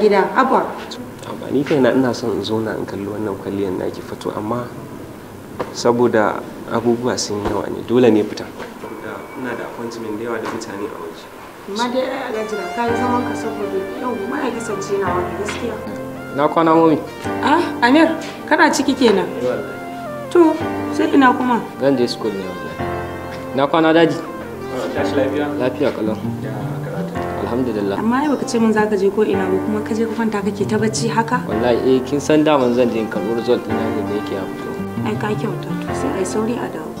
gida abuwa amma ni na ina son in zo na in kalli wannan kwalliyar na ki fito amma saboda abubuwa sun yi yawa ne dole ne fita ina da appointment da yawa da mutane a waje amma dai ai ga jira ka yi zaman ka saboda yau ma ya kasance na wani gaskiya na kwana mami ah amir kana ciki kenan eh, to sai ina kuma zan je school ne wallahi na kwana daji ah, tashi lafiya lafiya kallon alhamdulillah amma ai baka ce mun zaka je ko ina ba kuma ka je ka kwanta kake ta bacci haka wallahi eh kin san daman zan je in karɓi result ne da yake a fito ai ka kyauta to sai ai sauri a dawo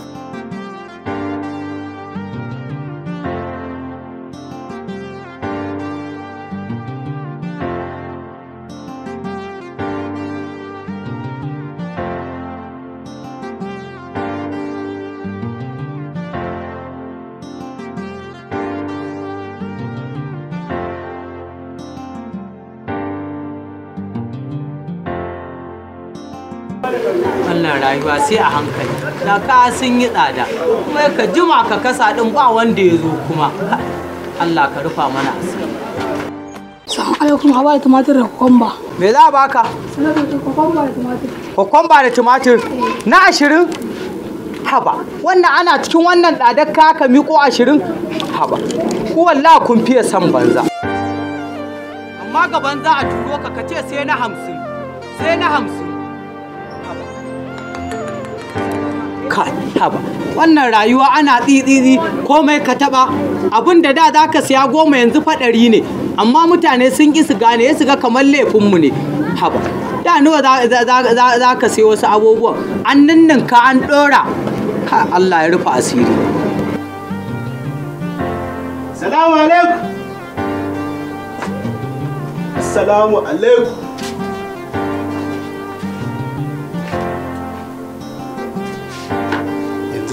wannan rayuwa sai a hankali da ka sun yi tsada kuma ka jima ka kasa din ba wanda ya zo kuma Allah ka rufa mana asiri Salamu alaikum hawa da tumatir da kokomba. Me za a baka? Kokomba da tumatir. da tumatir? Eh. Na ashirin? Haba, wannan ana cikin wannan tsadar ka ka miko ashirin? Haba, ku wallah kun fiye san banza. Amma ga banza a turo ka ka ce sai na hamsin, sai na hamsin. haba wannan rayuwa ana tsitsi komai ka taba abin da da za ka siya goma yanzu faɗari ne amma mutane sun ki su gane su ga kamar laifinmu ne haba da nawa za ka sai wasu abubuwan an ka an ɗora ka Allah ya rufa asiri Salamu alaikum Assalamu alaikum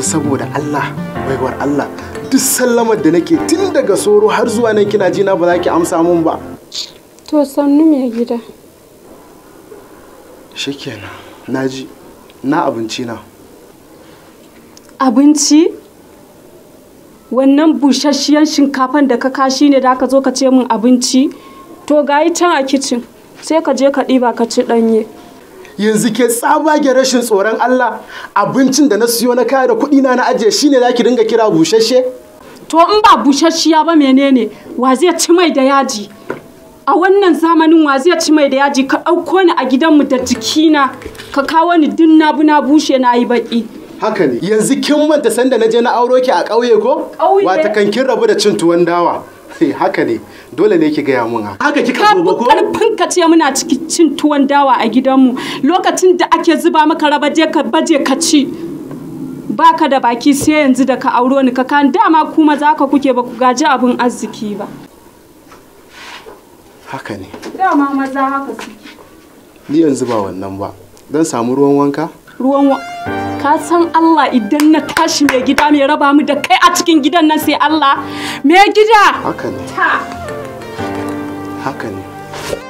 saboda Allah baiwar Allah duk sallamar da nake tun daga soro har zuwa nan kina jina ba za ki amsa mun ba to sannu mai gida shikenan naji na abinci na abinci wannan bushashiyar shinkafan da ka kashi ne da ka zo ka ce mun abinci to gayi can a kicin sai ka je ka ɗiba ka ci ɗanye yanzu ke tsabage rashin tsoron Allah abincin da na siyo na kaya da kuɗi na na ajiye shine zaki dinga kira bushashe to in ba bushashiya ba menene wa zai ci mai da yaji a wannan zamanin wa zai ci mai da yaji ka ɗauko ni a gidanmu da jikina ka kawo ni duk na na bushe na yi baƙi. Haka ne yanzu kin manta sanda na je na auro ki a ƙauye ko? Wata kan kin rabu da cin tuwon dawa. Eh, haka ne dole ne ki gaya mun haka haka kika gobe ko karfin ka ce muna cikin cin tuwon dawa a gidanmu lokacin da ake zuba maka raba je ka baje ka ci baka da baki sai yanzu da ka auro ni ka kan dama kuma za ka kuke ba ku gaji abin arziki ba haka ne dama maza haka suke ni yanzu ba wannan ba dan samu ruwan wanka ruwan wanka ka san Allah idan na tashi mai gida mai raba mu da kai a cikin gidan nan sai Allah mai gida haka ne haka ne